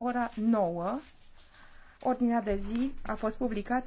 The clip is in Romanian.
ora 9. Ordinea de zi a fost publicată